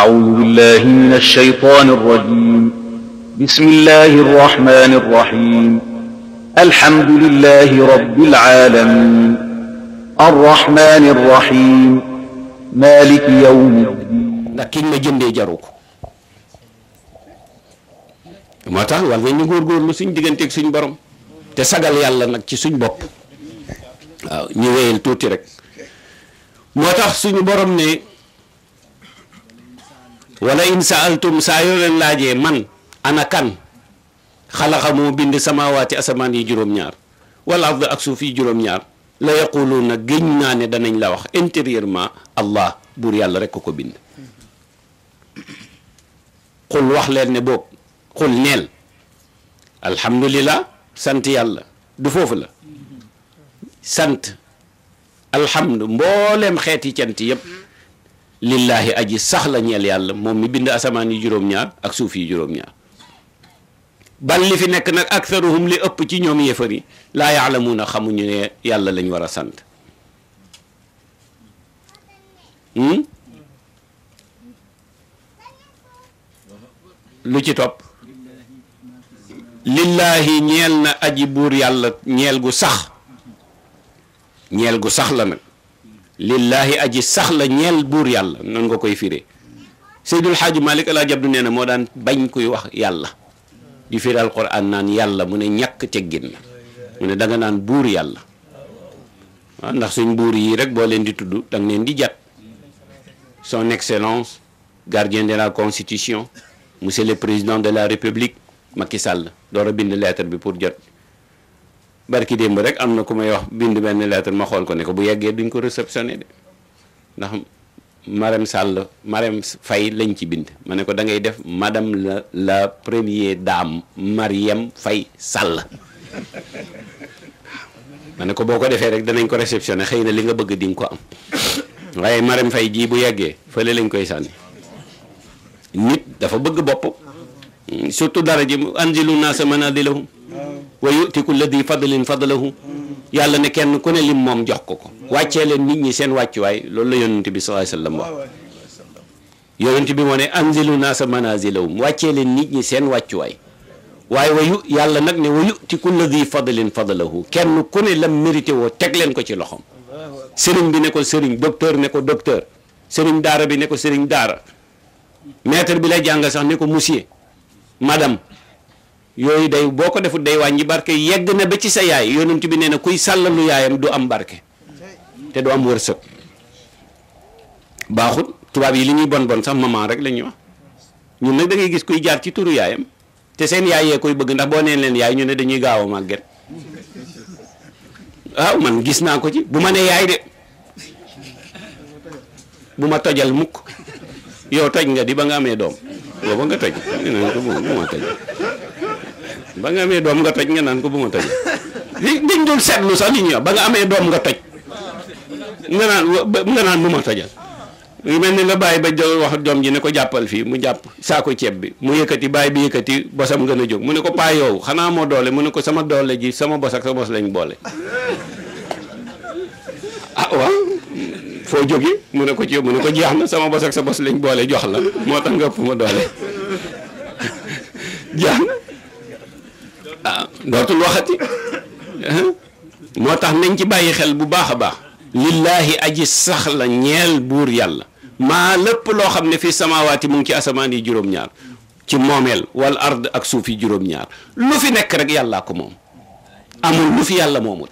أعوذ بالله من الشيطان الرجيم بسم الله الرحمن الرحيم الحمد لله رب العالمين الرحمن الرحيم مالك يوم الدين ndax kiñ ma jëndee jaru ko moo tax war nañ ñu góorgóorlu suñ digganteeg suñ borom te sagal yàlla nag ci suñ bopp waaw ñu wéyal tuuti rek moo tax suñu borom ne wala in saaltum saa yoo leen laajee man ana kan xalaqa moo bind samaawaati asamaan yi juróom-ñaar wal ard ak suuf yi juróom-ñaar la yaquluuna géñ naa ne danañ la wax intérieurement allah buur yàlla rek ko ko bind xul wax leen ne boobu xul neel alhamdulillah sant yàlla du foofu la sant alhamdu mboolem xeeti cant yépp lillaahi aji sax la ñeel yàlla moom mi bind asamaan yi juróom-ñaar ak suuf yi juróom-ñaar bal li fi nekk nag aktharuhum li ëpp ci ñoom yéefar yi laa na xamuñu ne yàlla lañ war a sant hmm? lu ci topp lillaahi ñeel na aji buur yàlla ñeel gu sax ñeel gu sax la nag lillaahi aji sax la ñeel buur yàlla noonu nga koy fiire Seydul Xaaji Malik El Hadj Abdou nee na moo daan bañ kuy wax yàlla di firi alquran naan yàlla mu ne ñàkk teggin la mu ne danga naan buur yàlla waaw ah, ndax suñ buur yii rek boo leen di tudd danga leen di jat son excellence gardien de la constitution monsieur le président de la république Macky Sall door a bind lettre bi pour jot. barki démb rek am na ku may wax bind benn lettre ma xool ko ne ko bu yeggee duñ ko réceptionné de ndax Marème Sall Marème Faye lañ ci bind ma ne ko dangay def madame la premier daam dame Marième Faye Sall ma ne ko boo ko defee rek danañ ko réceptionné xëy na li nga bëgg di ko am waaye Marème Faye jii bu yeggee fële lañ koy sànni nit dafa bëgg bopp surtout dara ji anzilu naasa manaazilahum wa yu'ti kulli di fadlin fadlahu yàlla ne kenn ku ne lim moom jox ko ko wàccee leen nit ñi seen wàccuwaay loolu la yonent bi sallallahu alayhi wasallam wax yonent bi moo ne anzilu naasa manazilahum wàccee leen nit ñi seen wàccuwaay waaye wayu yàlla nag ne wayu ti kulli di fadlin fadlahu kenn ku ne lam mérité woo teg leen ko ci loxoom sëriñ bi ne ko sëriñ docteur ne ko docteur sëriñ daara bi ne ko sëriñ daara maître bi lay jàng sax ne ko monsieur madame yooyu day boo ko defut day wàññi barke yegg na ba ci sa yaay yonent bi nee na kuy sàllalu yaayam du am barke te du am tubaab yi li ñuy bon bon rek la ñuy wax da ngay gis kuy jaar ci turu te seen yaay yee koy bëgg ndax boo leen yaay ñu ne dañuy gaaw màgget waaw man gis naa ko ci bu ma ne yaay de bu ma tojal mukk yow toj nga di ba nga amee doom booba toj bu ma toj ba nga amee doom nga toj nga naan ko bu ma toj li dañ dul seetlu sax li ñuy wax ba nga amee doom nga toj nga naan nga naan bu ma tojal mel ni nga bàyyi ba jël wax doom ji ne ko jàppal fii mu jàpp saako ceeb bi mu yëkkati bàyyi bi yëkkati bosam gën a jóg mu ne ko paa yow xanaa moo doole mu ne ko sama doole ji sama bos ak sa bos lañ boole ah, mu ne ko ci mu ko jeex na sama bos sa bos lañ boole jox la moo tax nga ëpp ma doole jeex ah waxati moo tax nañ ci bàyyi xel bu baax a baax lillaahi aji sax la ñeel buur yàlla maa lépp loo xam ne fii samaawaati mu ngi ci asamaan yi juróom-ñaar ci moomeel wal ard ak suuf yi juróom-ñaar lu fi nekk rek yàllaa ko moom amul lu fi yàlla moomul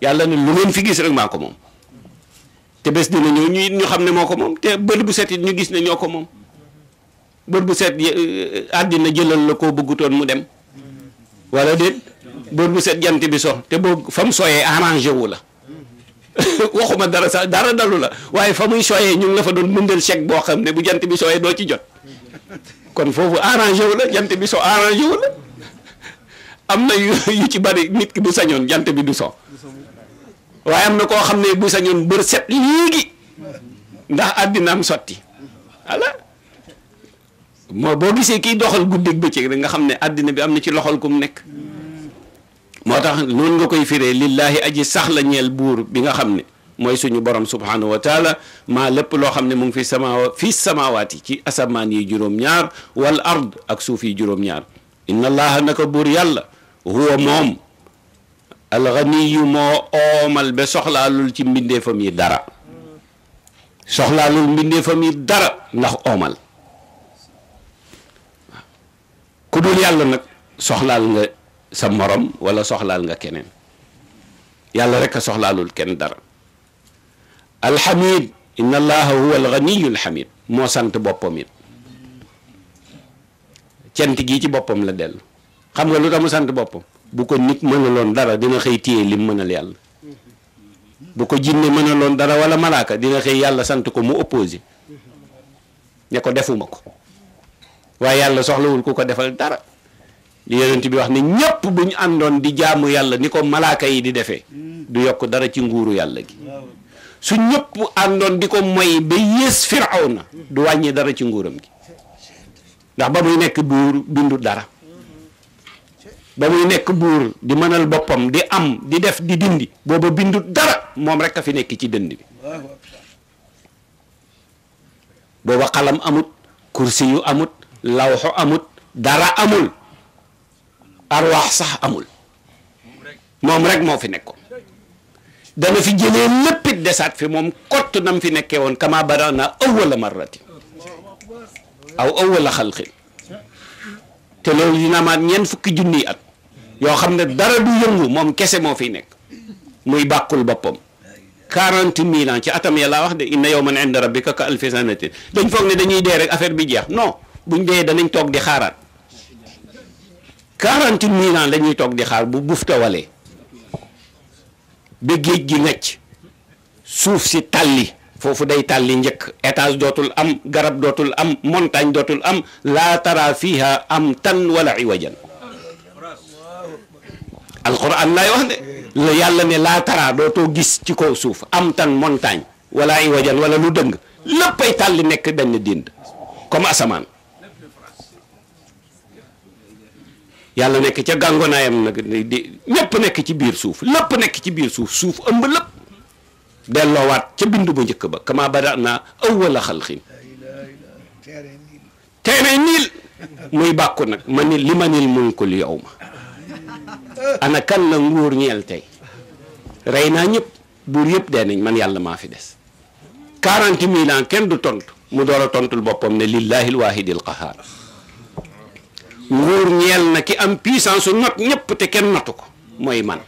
yàlla ne lu ngeen fi gis rek maa ko moom te bés dina ñëw ñu ñu xam ne moo ko moom te bët bu set it ñu gis ne ñoo ko moom bët bu set eh, eh, àddina jëlal la ko buggutoon mu dem wala déet bët bu set jant bi sox te boo fa mu sooyee arrangé wu la waxuma dara sax dara dalu la waaye fa muy sooyee ñu la fa doon mundal chèque boo xam ne bu jant bi sooyee doo ci jot kon foofu arrangé wu la jant bi so arrangé wu la am na yu yu ci bari nit ki bu sañoon jant bi du so waaye am na koo xam ne bu sañoon bër set léegi ndax àddina sotti moo boo gisee kiy doxal guddeeg bëccëg rek nga xam ne àddina bi am na ci loxol kum nekk moo tax noonu nga koy firee lillahi aji sax la ñeel buur bi nga xam ne mooy suñu borom subhanahu wa taala maa lépp loo xam ne mu ngi fi samaawa fi samaawaat yi ci asamaan yi juróom-ñaar wal ard ak suuf yi juróom-ñaar inna allaha naka buur yàlla huwa moom alxaniyu moo oomal ba soxlaalul ci mbindeefam yi dara soxlaalul mbindeefam yi dara ndax oomal ku dul yàlla nag soxlaal nga sa morom wala soxlaal nga keneen yàlla rek a soxlaalul kenn dara alxamid inna allaha huwa alganiyu alxamid moo sant boppam yi cant gii ci boppam la dellu xam nga lu tax sant boppam bu ko nit loon dara dina xëy téye lim mën mënal yàlla bu ko jinne loon dara wala malaaka dina xëy yàlla sant ko mu opposé ne ko defuma ko waaye yàlla soxlawul ku ko defal dara li yonent bi wax ne ñépp bu ñu àndoon di jaamu yàlla ni ko malaaka yi di defee du yokk dara ci nguuru yàlla gi su ñëpp àndoon di ko moy ba yées na du wàññi dara ci nguuram gi ndax ba muy nekk buur bindu dara ba muy nekk buur di mënal boppam di am di def di dindi booba bindu dara moom rek a fi nekk ci dënd bi booba xalam amut kursi yu amut lawxu amut dara amul arwaax sax amul moom rek moo fi nekkoon dana fi jëlee léppit desaat fi moom kott nam fi nekkee woon kama badana awwala marratin aw awwala xalqin te loolu dina maat ñeent fukki junniy at yoo xam ne dara du yëngu moom kese moo fi nekk muy bàqul boppam quarante mille ans ci atam yàlla wax de inna yawman inda rabbika ka alfi sanatin dañ foog ne dañuy dee rek affaire bi jeex non buñ dee danañ toog di xaaraat quarante mille lañuy toog di xaar bu buuf tawalee ba géej gi ngacc suuf si tàlli foofu day tàlli njëkk étage dootul am garab dootul am montagne dootul am laa tara fiha am tan wala iwajan alquran laay wax de la yàlla ne laa tara dootoo gis ci ko suuf am tan montagne wala iwajan wala lu dëng léppay tàlli nekk benn dind comme asamaan yàlla nekk ca gàngonaayam nag ñépp nekk ci biir suuf lépp nekk ci biir suuf suuf ëmb lépp delloowaat ca bind bu njëkk ba kama bada naa awwala xalqin teere niil muy bàkku nag ma ni li ma nil mulkul ana kan la nguur ñeel tey rey naa ñëpp buur yëpp dee nañ man yàlla maa fi des quarante mille kenn du tontu mu doora tontul boppam ne lillahi l qahaar nguur ñeel na ki am puissance su not ñëpp te kenn notu ko mooy man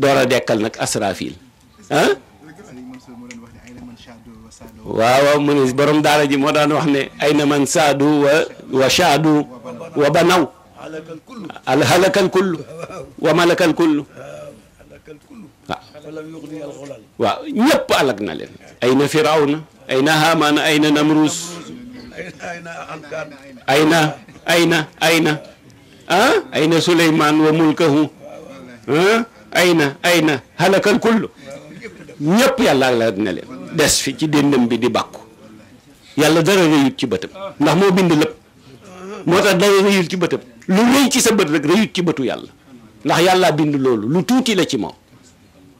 door a dekkal nag asrafil ah waaw waaw mu ne borom daara ji moo daan wax ne ay na man saadu wa wa shaadu wa banaw al halakal kullu wa malakal kullu waaw ñëpp alag na leen ay na firawna ay na haamaana ay na namruus ayna ayna ayna ah ayna Suleymaan wa mulkahu ah ayna ayna halakal kullu ñëpp yàlla la ne leen des fi ci déndam bi di bàkku yàlla dara rëyut ci bëtam ndax moo bind lépp moo tax dara rëyut ci bëtam lu rëy ci sa bët rek rëyut ci bëtu yàlla ndax yàlla bind loolu lu tuuti la ci moom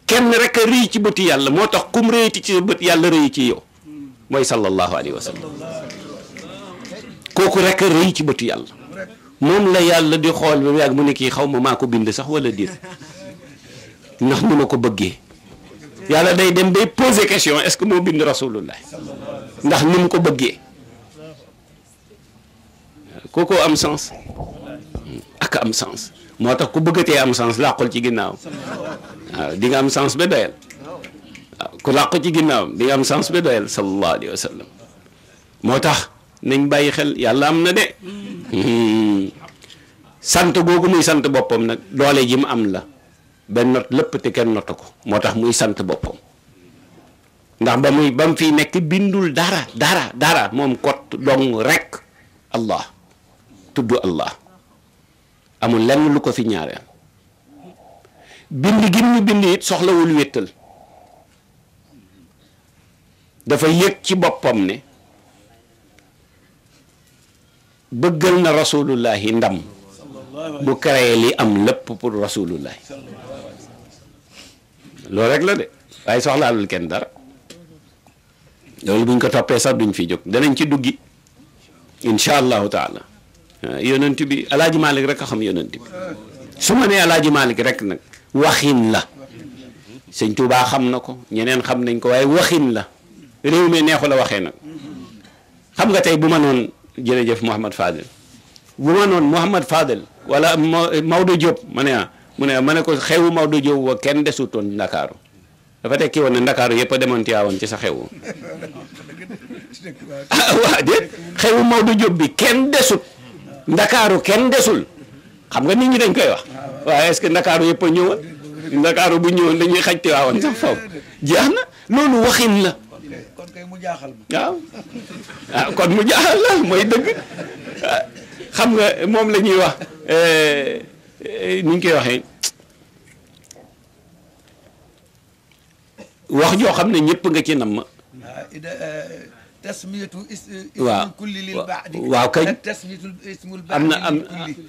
kenn rek a rëy ci bëti yàlla moo tax kum rëyati ci sa bët yàlla rëy ci yow mooy sallallahu alayhi wa sallam kooku rek a rëy ci bëtu yàlla moom la yàlla di xool ba mu yàgg mu ne kii xaw ma maa ko bind sax walla déet ndax ni ko bëggee yàlla day dem day poser question est-ce que moo bind rasulullah ndax ni mu ko bëggee kooku am sens ak am sens moo tax ku bëggatee am sens làqul ci ginnaaw dinga am sens ba doyal waaw ku làqu ci ginnaaw di am sens ba doyal sallallahu alayhi moo tax. nañ bàyyi xel yàlla am na de sant googu muy sant boppam nag doole ji mu am la ba not lépp te kenn notu ko moo tax muy sant boppam ndax ba muy ba mu fiy nekk bindul dara dara dara moom kot dong rekk allah tudd allah amul lenn lu ko fi ñaareel bind gi mu bind it soxlawul wéttal dafa yëg ci boppam ne bëggal na rasulullahi ndam bu créé li am lépp pour rasulullahi loolu rek la de waaye soxlaalul kenn dara loolu buñ ko toppee sax duñ fi jóg danañ ci duggi incha allahu taala yonent bi alaaji malik rek a xam yonent bi su ma nee alaaji malik rek nag waxin la sëñ Tuubaa xam na ko ñeneen xam nañ ko waaye waxin la réew mi neexu la nag xam nga tey bu ma noon jërëjëf Mouhamad Fadel bu ma noonu Mouhamad Fadel wala Maodo Diop ma ne ah mu ne ah, ma ne ko xewu Maodo Diop wa kenn desutoon Ndakaaru dafa tekki woon ne Ndakaaru yëpp a demoon Tiwaawan ci sa xewu waa Maodo Diop bi kenn desut Ndakaaru kenn desul xam nga nit ñi dañ koy wax waaye est-ce que Ndakaaru yëpp a ñëwoon Ndakaaru bu ñëwoon dañuy xaj Tiwaawan sax foofu jeex na loolu waxin la. mu jaaxal waaw ah, kon mu jaaxal mooy dëgg xam nga moom la ñuy wax eh, eh, ni ñu koy waxee wax ñoo xam ne ñëpp nga ci nam ma ah, eh, tasmiyatu waaw kulli lil baadi waaw kañ am na am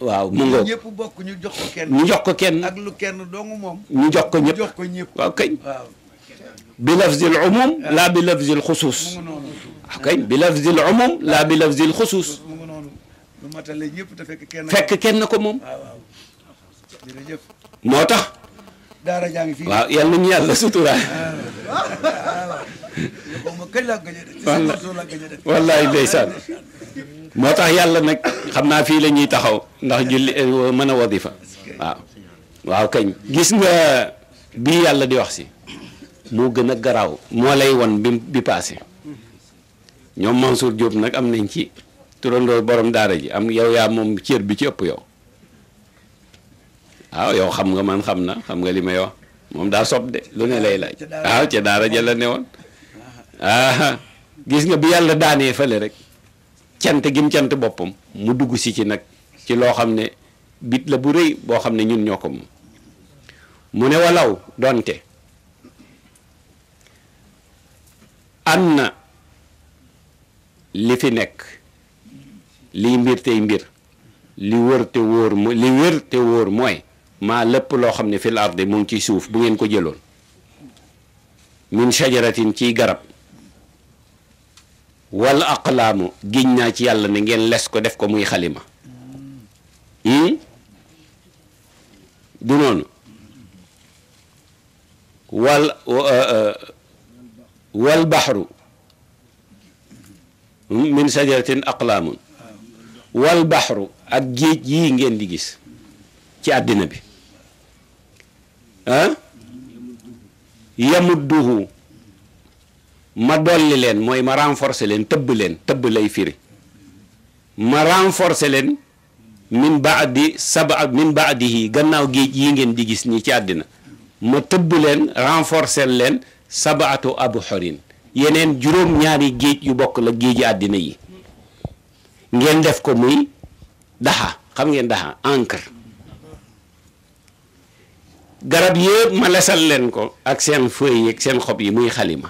waaw mu ngoo ñëpp bokk ñu jox ko kenn ñu jox ko kenn ak lu kenn dong moom jox ko ñëpp jox ko waaw kañ bi lafzil umum laa bi lafzil xusuus ok bi lafzil umum laa bi lafzil xusuus fekk kenn ko moom moo tax daara jaa ngi fii waaw yal nañu yàlla suturaal wallaay ndeysaan moo tax yàlla nag xam naa fii la ñuy taxaw ndax julli mën a wadifa waaw waaw kañ gis nga bii yàlla di wax si moo gën a garaaw moo lay won bi bi paase ñoom Mansour Diop nag am nañ ci turandoo borom daara ji am yow yaa moom cër bi ci ëpp yow waaw yow xam nga man xam na xam nga li may wax moom daa sob de lu ne lay laaj waaw ca daara ja la ne woon ah gis nga bi yàlla daanee fële rek cant gim cant boppam mu dugg si ci nag ci loo xam ne bit la bu rëy boo xam ne ñun ñoo ko moom mu ne walaw donte am na li fi nekk liy mbir tey mbir li wër te wóor mooy maa lépp loo xam ne fil ardi mu ci suuf bu ngeen ko jëloon min shajaratin ciy garab wal aqlaamu giñ naa ci yàlla ne ngeen les ko def ko muy xalima hmm? du wal wal baxru min sajaratin aqlaamun wal baxru ak géej yii ngeen di gis ci àddina bi ah yamudduhu ma dolli leen mooy ma renforcer leen tëbb leen tëbb lay firi ma renforcer leen min baadi saba min baadihi gannaaw géej yi ngeen di gis nii ci àddina ma tëbb leen renforcer leen abu abhurin yeneen juróom-ñaari géej yu bokk la géeji àddina yi ngeen def ko muy daxa xam ngeen daxa encre garab yëpp ma lesal leen ko ak seen feuilles yi ak seen xob yi muy xalima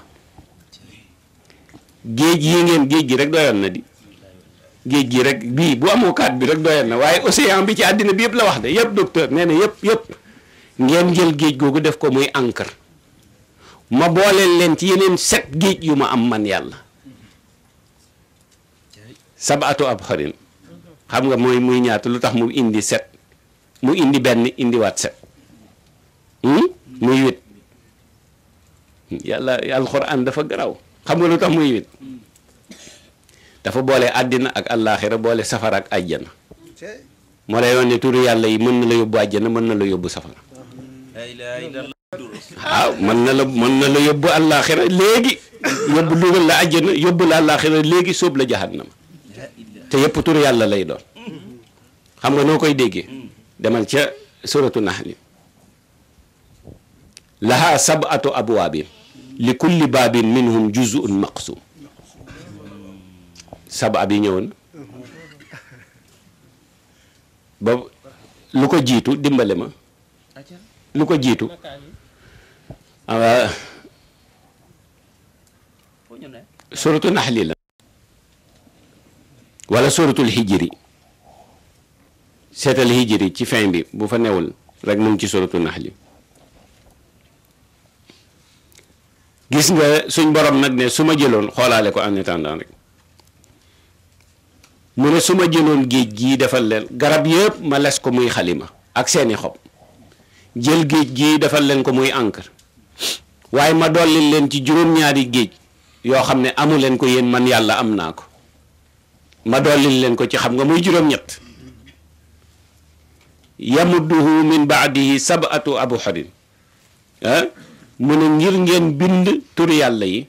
géej yi ngeen géej gi rek doyoon na di géej gi rek bii bu amoo kaat bi rek doyoon na waaye océan bi ci àddina bi yëpp la wax de yëpp docteur nee na yëpp yëpp ngeen jël géej googu def ko muy encre ma booleel leen ci yeneen set géej yu ma am man yàlla sabatu ab xarin xam nga mooy muy ñaata lu tax mu indi set mu indi benn indiwaat set hmm? muy wit yàlla alxuraan dafa garaw xam nga lu tax muy wit dafa boole àddina ak àllaaxira boole safara ak àjjana moo lay yoon ne turu yàlla yi mën na la yóbbu àjjana mën na la yóbbu safara waaw ah, mën na la mën na la yóbbu àllaaxira léegi yóbbu dugal la àjjana yóbbu la àllaaxira léegi sóob la jahannama te yëpp tur yàlla lay doon xam nga noo koy déggee demal ca suratu naxli laha sab'atu abwaabin li kulli baabin minhum juz'un maqsum saba bi ñëw na lu ko jiitu dimbale ma lu ko jiitu waaw suratul li la wala suratul hijri seetal hijri ci fin bi bu fa newul rek mu ci ci nax naxli gis nga suñ borom nag ne su ma jëloon xoolaale ko en attendant rek mu ne su ma jëloon géej gii defal leen garab yëpp ma les ko muy xalima ak seeni xob jël géej gii defal leen ko muy encre waaye ma dolli leen ci juróom-ñaari géej yoo xam ne amu leen ko yéen man yàlla am naa ko ma dolli leen ko ci xam nga mooy juróom-ñett yamudduhu min baadihi sabatu abharin ah mu ne ngir ngeen bind turi yàlla yi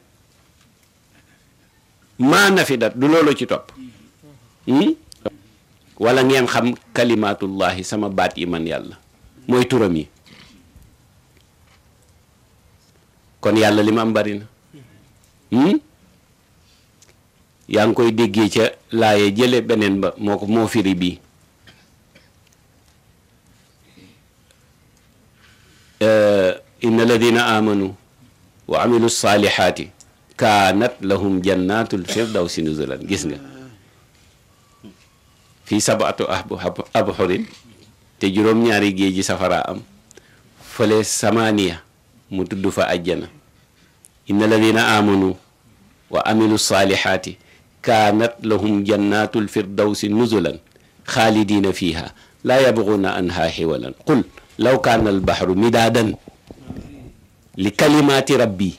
maa nafidat du loolu ci topp hmm? wala ngeen xam kalimatullahi sama baat yi man yàlla mooy turam yi kon yàlla lima am bari na hmm? yaa ngi koy déggee ca laaye jële beneen ba moo ko moo firi bii eh, inna alladina amanu wa amilu salihaati kaanat lahum jannatul firdawsi nuzulan gis nga fii sabatu abhurin te juróom-ñaari géej ji safara am fële samaniya mu tudd fa ajjana inna alladina amanu wa amilu saalihaati kaanat lahum jannatul firdawsi nuzulan xaalidina fiha laa yabguuna anha xiwalan qul law kaana albaxru midaadan li kalimaati rabbi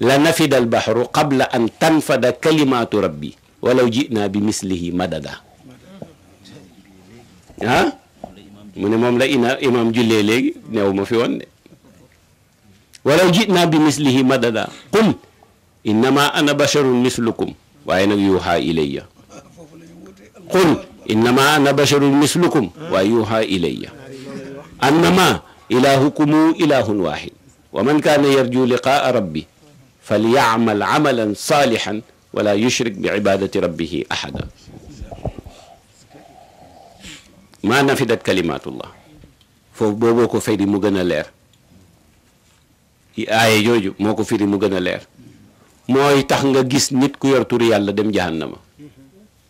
la nafida albaxru qabla an tanfada kalimaatu rabbi walaw jinaa bi mislihi madada ah mu ne moom la ina imaam jullee léegi neew ma fi woon de walaw ji'naa bi mislihi madada qul innama ana basharun mislukum waaye nag yuuxaa ilayya qul innama ana basharun mislukum waaye yuuxaa ilayya annama ilahukumu ilahun wahid wa man kaana yarju liqaa rabbi falyacmal amalan saalixan wala yushrik bi cibaadati rabbihi axada maa nafidat kalimaatullah foofu booboo ko fay di mu gën a leer aaye jooju moo ko firi mu gën a leer mooy tax nga gis nit ku yor turu yàlla dem jahannama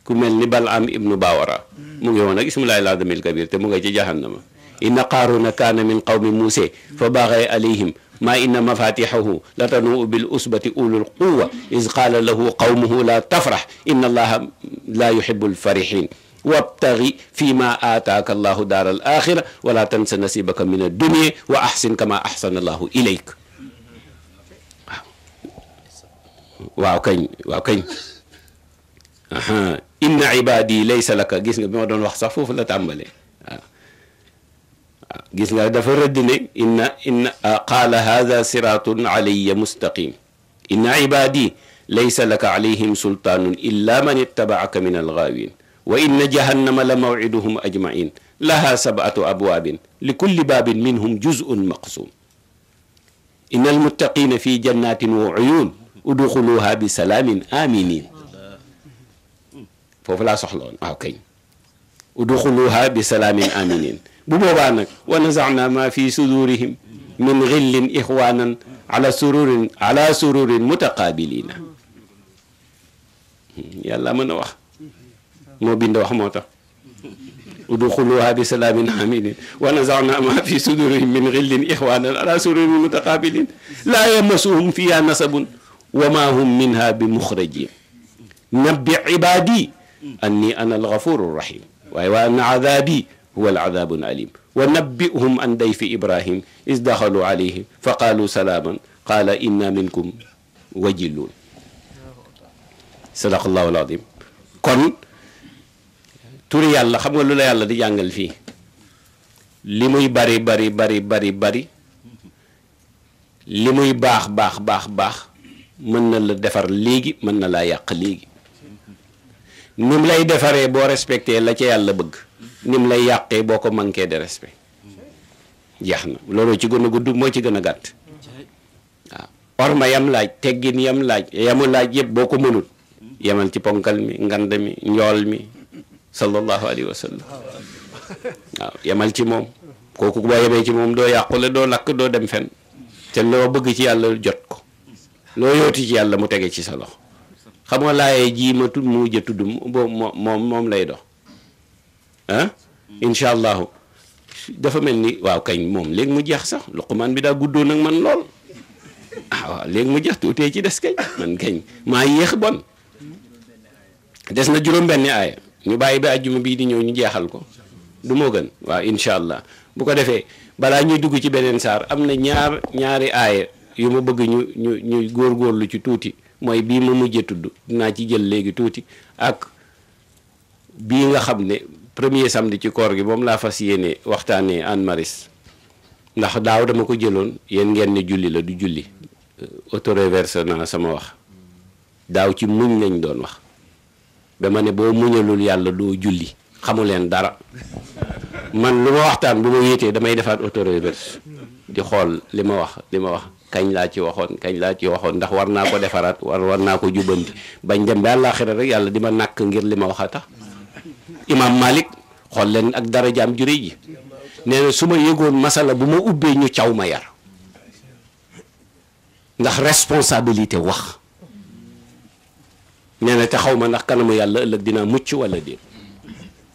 ku mel ni Balaam ibnu Baawara mu ngi woon ak ismullaahil azamil kabir te mu nga ci jahannama inna qaaruna kaana min qawmi muuse fa baaxee alayhim maa inna mafatixahu latanuu bil usbati ulul quwa is qaala lahu qawmuhu laa tafrax inna allaha laa yuhibu alfarixin wabtaxi fi ma aataaka allahu daar al axira wala tansa nasibaka min addunia wa axsin kama axsana allahu ilayk waaw kañ waaw kañ inna ibadi laysa laka gis nga bi ma doon wax sax foofu la tàmbalee waaw waaw gis nga dafa rëdd ne inna inna qaala hada siratun alayya mustaqim inna ibadi laysa laka alayhim sultaanun illa man ittabaaka min algaawin wa inna jahannama la mawciduhum ajmain laha sabatu abwaabin li kulli baabin minhum juzun maqsum inna almuttaqina fi jannatin wa uyun udxuluha bi salaamin aminin foofu laa soxla woon waaw ah, kañ udxuluha bi salaamin aminin bu boobaa nag wa nazana ma fi sudurihim min xillin ixwanan ala sururin ala sururin mutaqaabilina yàlla mën a wax moo bind wax moo tax udxuluha bi salaamin aminin wa nazana ma fi sudurihim min xillin ixwanan ala sururin mutaqaabilin laa yamasuhum fiha nasabun wa ma hum minha bi muxrajin nabbi ibaadi anni ana alghafuru rahim waaye wa anna adabi huwa aladabu alalim wa nabbihum an dayfi ibrahim is daxalu alayhi fa qaalu salaaman qaala inna minkum wajiluun sadaqallahu alazim kon turi yàlla xam nga lu la yàlla di jàngal fii li muy bari bari bari bari bari li muy baax baax baax baax mën na la defar léegi mën na laa yàq léegi ni mu lay defaree boo respecté la ca yàlla bëgg ni lay yàqee boo ko manqué de respect jeex na looloo ci gën a gudd moo ci gën a gàtt waaw orma yam laaj teggin yam laaj yamu laaj yëpp boo ko mënul yamal ci ponkal mi ngand mi njool mi sallallahu alayhi wa waaw yamal ci moom kooku boo yemee ci moom doo yàqule doo lakk doo dem fen te loo bëgg ci yàlla jot ko loo yooti ci yàlla mu tege ci sa loxo xam nga laaye jii ma tudd mu jë tudd moom moom lay dox ah incha allahu dafa mel ni waaw kañ moom léegi mu jeex sax man bi daa guddoo nag man lool ah waaw léegi mu jeex tuutee ci des kañ man kañ maa yéex bon des na juróom-benni aaya ñu bàyyi ba àjjuma bii di ñëw ñu jeexal ko du moo gën waaw incha allah bu ko defee balaa ñuy dugg ci beneen saar am na ñaar ñaari aaya yu ma bëgg ñu ñu ñu góorgóorlu ci tuuti mooy bii ma mujjee tudd dinaa ci jël léegi tuuti ak bii nga xam ne premier samedi ci koor gi moom laa fas yéene waxtaanee en maris ndax daaw dama ko jëloon yéen ngeen ne julli la du julli euh, autoréversé naa sama wax daaw ci muñ lañ doon wax dama ne boo muñalul yàlla doo julli xamu leen dara man lu ma waxtaan bu ma wéetee damay defaat autoréversé di xool li ma wax li ma wax kañ laa ci waxoon kañ laa ci waxoon ndax war naa ko defaraat war war naa ko jubbanti bañ dem ba àllaaxira rek yàlla di ma nakk ngir li ma wax a tax imaam Malik xool leen ak dara jaam jure ji nee su ma yëgoon masala bu ma ubbee ñu caw ma yar ndax responsabilité wax nee na te xaw ma ndax kanamu yàlla ëllëg dinaa mucc walla déet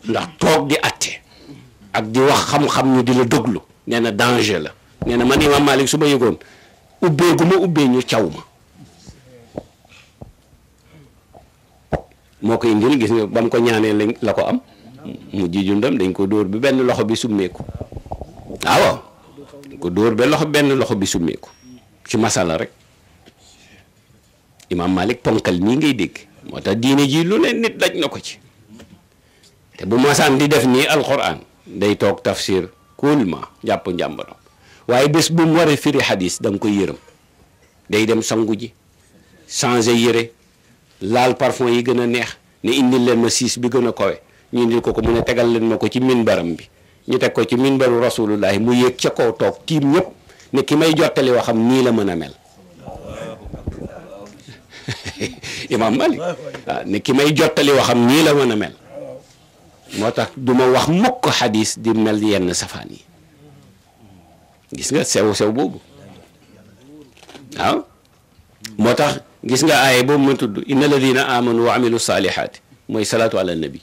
ndax toog di atte ak di wax xam-xam ñu di la déglu nee na danger la nee na man imaam Malik su ma yëgoon ubbee gu ma ubbee ñu caw ma moo ko indil gis nga ba mu ko ñaanee lañ la ko am mu ji jundam dañ ko dóor bi benn loxo bi summeeku waaw ko dóor loxo benn loxo bi summeeku ci masala rek imaam Malik ponkal nii ngay dégg moo tax diine ji lu ne nit daj na ko ci te bu masaan di def nii alxuraan day toog tafsir kulma jàpp njàmbaram waaye bés bu mu waree firi xadiis da koy yërëm day dem sangu ji changé yére laal parfum yi gën a neex ne indi leen ma siis bi gën a kowe ñu indil ko ko mu ne tegal leen ma ko ci minbaram bi ñu teg ko ci minbaru rasulullahi mu yéeg ca kaw toog tiim ñëpp ne ki may jottali waxam nii la mën a mel imaam Malik waaw ki may jottali waxam nii la mën a mel moo tax du ma wax mukk xadiis di mel yenn safaan yi gis nga sew sew boobu waaw moo tax gis nga aaye boobu ma tudd inna alladina amanu wa amilu saalihaati mooy salaatu ala nabi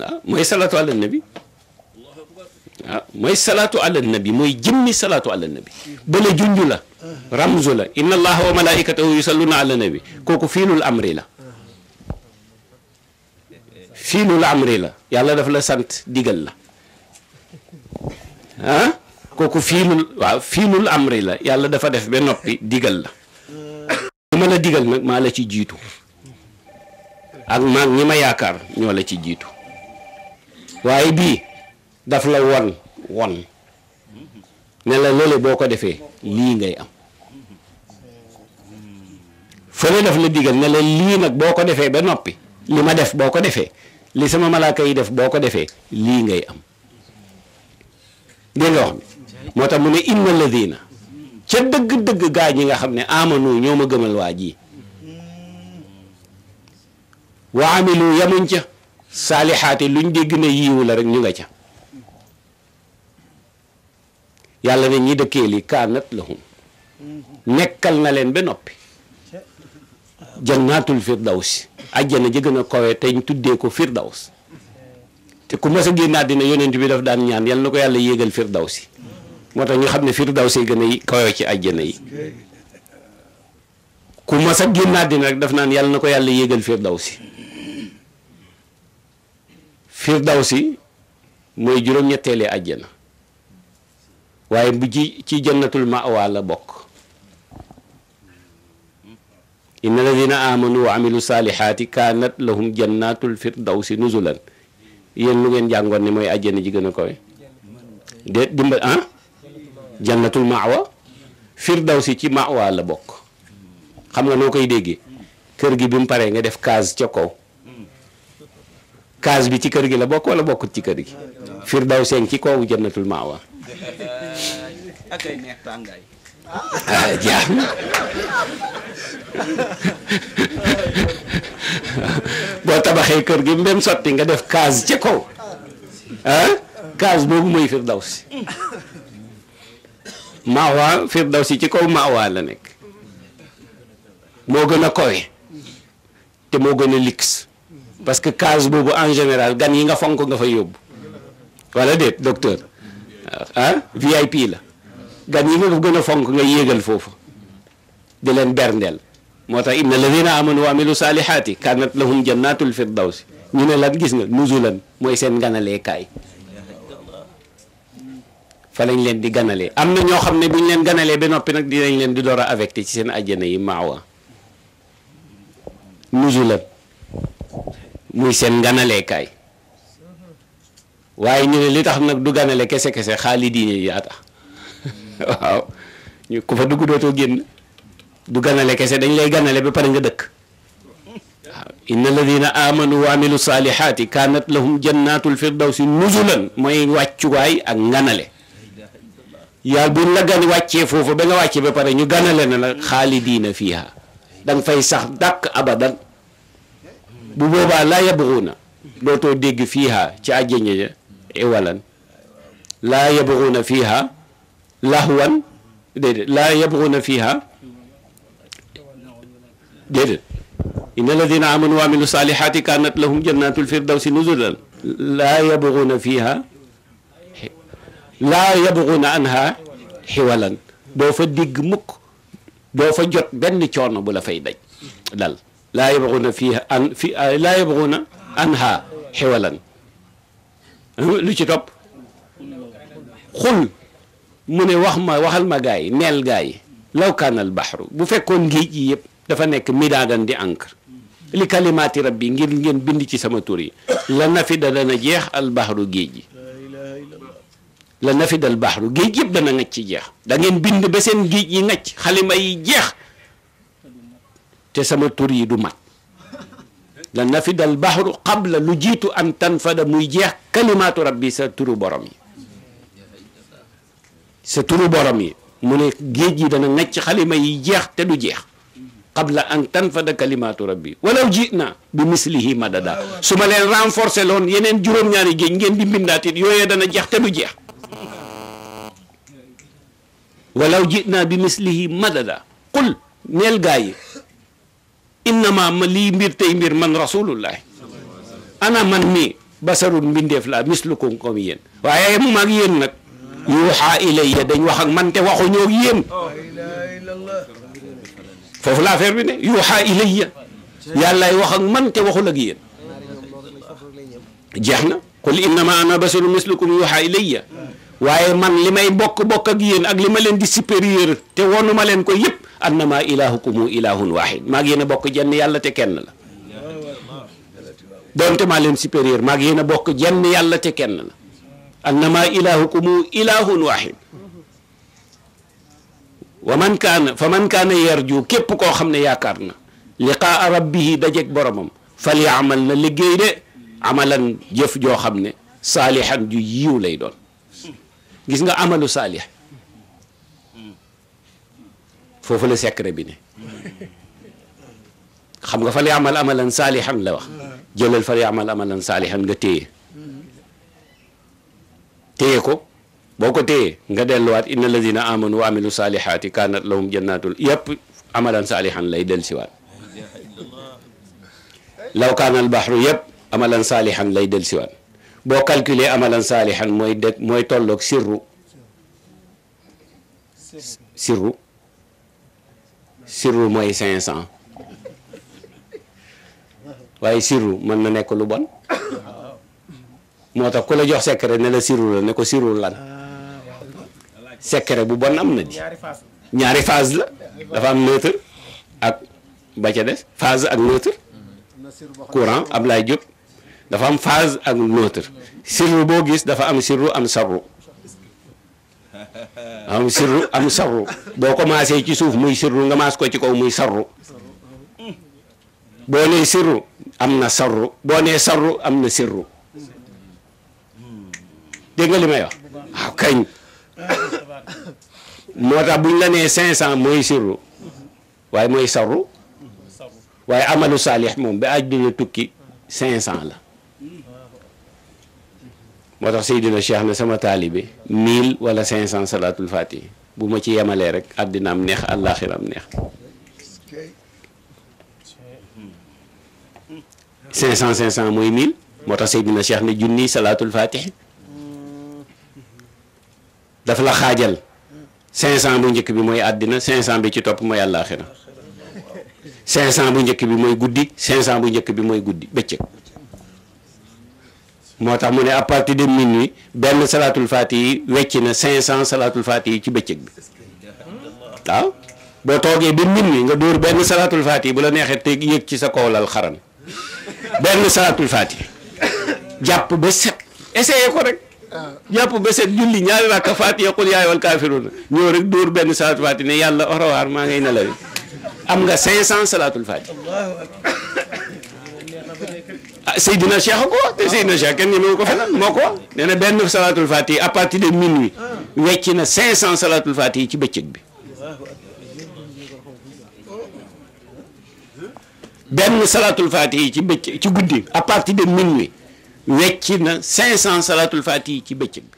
waaw mooy salaatu ala nabi waaw mooy salaatu ala nabi mooy jëmmi salaatu ala nabi bala junj la ramzu la inna allaha wa malaikatahu yusalluna ala nabi kooku fiilul amri la fiilul amri la yàlla daf la sant digal la ah kooku fiilul waaw fiilul amri la yàlla dafa def ba noppi digal la lu ma la digal nag maa la ci jiitu ak maag ñi ma yaakaar ñoo la ci jiitu waaye bii daf la won won ne la lële boo ko defee lii ngay am fële def la digal ne la lii nag boo ko defee ba noppi li ma def boo ko defee li sama malaaka yi def boo ko defee lii ngay am dégg nga wax bi moo tax mu ne inna alladina ca dëgg-dëgg gaa ñi nga xam ne amanu ñoo ma gëmal waa ji wa amilu yamuñ ca saalihaati luñ dégg ne yiiwu la rek ñu nga ca yàlla ne ñi dëkkee li kaanat lahum nekkal na leen ba noppi jannatul firdaws ajjana ja gën a kowe ñu tuddee ko firdaws te ku mas a génn àddina yonent bi daf daan ñaan yal na ko yàlla yéegal firdawsi moo tax ñu xam ne firdawsi gën a ci àjjana yi mas a génn àddina rek daf na ko yàlla yéegal firdawsi firdawsi mooy juróom-ñetteelee àjjana waaye bu ci ci jannatul ma'wa la bokk inna alladina amanu wa amilu salihati kaanat lahum jannatul firdawsi nuzulan yéen lu ngeen jàngoon ni mooy àjjana ji gën a kawe de dimbal ah jannatul maawa firdawsi ci maawa la bokk xam nga noo koy déggee kër gi bi mu paree nga def kaas ca kaw case bi ci kër gi la bokk wala bokkut ci kër gi firdawsi ci kaw jannatul maawa ah boo tabaxee kër gi mbem sotti nga def kaas ci kaw ah kaas boobu mooy si firdawsi maawaa si ci kaw maawaa la nekk moo gën a kowe te moo gën a lix parce que kaas boobu en général gan yi nga fonk nga fa yóbbu walla de docteur ah VIP la gan yi nga gën a fonk nga yéegal foofu di leen berndeel moo tax inna alladina amanu wa amilu salihati kanat lahum jannatul firdawsi ñu ne lan gis nga nuzulan mooy seen ganaleekaay fa lañ leen di ganalee am na ñoo xam ne bu ñu leen ganalee ba noppi nag dinañ leen di door a affecté ci seen àjjana yi maawa nuzulan muy seen ganaleekaay waaye ñu ne li tax nag du ganale kese kese xaalidiin yi ku fa dugg dootoo génn du ganale kese dañ lay ganale ba pare nga dëkk waaw inna alladina amanu wa amilu salihati kanat lahum jannatul firdawsi nuzulan mooy wàccuwaay ak nganale yàlla buñ la gan wàccee foofu ba nga wàccee ba pare ñu ganale na la xaalidiina fiha da nga fay sax dàq abadan bu boobaa la yabruuna dootoo dégg fiiha ci àjjana ja iwalan déedéet inna alladina amanu wa amilu salihati kanat lahum jannatul firdawsi nuzulan laa yabguna fiha laa yabguna anha xiwalan doo fa digg mukk doo fa jot benn coono bu la fay daj dal laa yabguna fiha an fi laa yabguna anha xiwalan lu ci topp xul mu ne wax ma waxal ma gaa yi neel gaa yi law kaanal baxru bu fekkoon géej yi yëpp dafa nekk midaadan di encre li kalimaati rabbi ngir ngeen bind ci sama tur yi la nafida dana jeex al baxru géej gi la nafida al baxru géej yëpp dana ngacc jeex dangeen bind ba seen géej yi ngacc xalima yi jeex te sama tur yi du mat la nafida al baxru qabla lu jiitu an tanfada muy jeex kalimaatu rabbi sa turu borom yi sa borom yi mu géej yi dana ngacc xalima yi jeex te du jeex qabla an tanfada kalimatu rabbi walaw ji'na bi mislihi madada su ma leen renforcer loon yeneen juróom-ñaari géej ngeen di mbindaat it yooyee dana jeex te du jeex walaw ji'na bi mislihi madada qul neel gaa yi innama mbir tey mbir man rasulullahi ana man mii basarun mbindeef laa mislukum comme waaye mu maag yéen nag yuuxaa ilayya dañ wax ak man te waxuñoo foofu la affaire bi ne yuuxaa ilayya wax ak man te waxul ak yéen jeex na qul innama ana basharun mislukum yuuxaa ilayya waaye man li may bokk-bokk ak yéen ak li ma leen di supérieur te wonu ma leen ko yëpp annama ilahukumu ilahun wahid maa ngi yéen a bokk jenn yàlla te kenn la doonte maa leen supérieur maa ngi yéen a bokk jenn yàlla te kenn la annama ilahukumu ilahun wahid wa man fa man kaana yarju képp koo xam ne yaakaar na liqaa rabbihi dajeeg boromam fal yaamal na liggéey de amalan jëf joo xam ne saalihan ju yiw lay doon gis nga amalu saalih foofu la secret bi ne xam nga fal yaamal amalan saalihan la wax jëlal fal yaamal amalan saalihan nga téye téye ko boo ko téyee nga delluwaat inna alladina amanu wa amilu saalihaati kaanat lahum jannatul yëpp amalan saalihan lay dellusiwaat law kaana al bahru yëpp amalan saalihan lay dellusiwaat boo calculer amalan saalihan mooy dëkk mooy tolloog sirru sirru sirru mooy cinq cent waaye sirru mën na nekk lu bon moo tax ku jox secret ne la sirru la ne ko sirru lan secret bu bon am na ji ñaari phase la dafa am neutre ak ba ca des phase ak neutre courant Ablaye Diop dafa am phase ak neutre sirru boo gis dafa am sirru am sarru am sirru boo commencé ci suuf muy sirru nga maas ko ci kaw muy sarru boo nee sirru am na sarru boo nee sarru am na sirru dégg nga li may ah, kañ moo tax bu ñu la nee 500 mooy sirru waaye mooy sarru waaye amalu saalix moom ba àddina tukki 500 la moo tax Seydina Cheikh na sama taalibe 1000 wala 500 salaatul fatih bu ma ci yemalee rek àddinaam neex àllaaxiraam neex 500 500 mooy 1000 moo tax Seydina Cheikh na junni salaatul fatih. dafa la xaajal 500 bu njëkk bi mooy àddina 500 bi ci topp mooy àllaaxira 500 bu njëkk bi mooy guddi 500 bu njëkk bi mooy guddi bëccëg moo tax mu ne à partir de minuit benn salaatul faati yi wecc na 500 salaatul faati yi ci bëccëg bi waaw boo toogee ba minuit nga dóor benn salaatul faati yi bu la neexee te yëg ci sa kaw xaran benn salaatul faati jàpp ba set essayé ko rek. jàpp ba set julli ñaari rakka Faatiha qul yaa ayyuhal kaafiruun ñëw dóor benn salaatul faati ne yàlla orawaar maa ngay nelawi am nga 500 salaatul faati ah Seydina Cheikh ko te Seydina Cheikh kenn ñemewu ko feneen moo ko nee na benn salaatul faati à parti de minuit wecc na 500 salaatul faati yi ci bëccëg bi benn salaatul faati yi ci bëccëg ci guddi à partir de minuit. wecci na 500 salatul fatihi ci bëccëg bi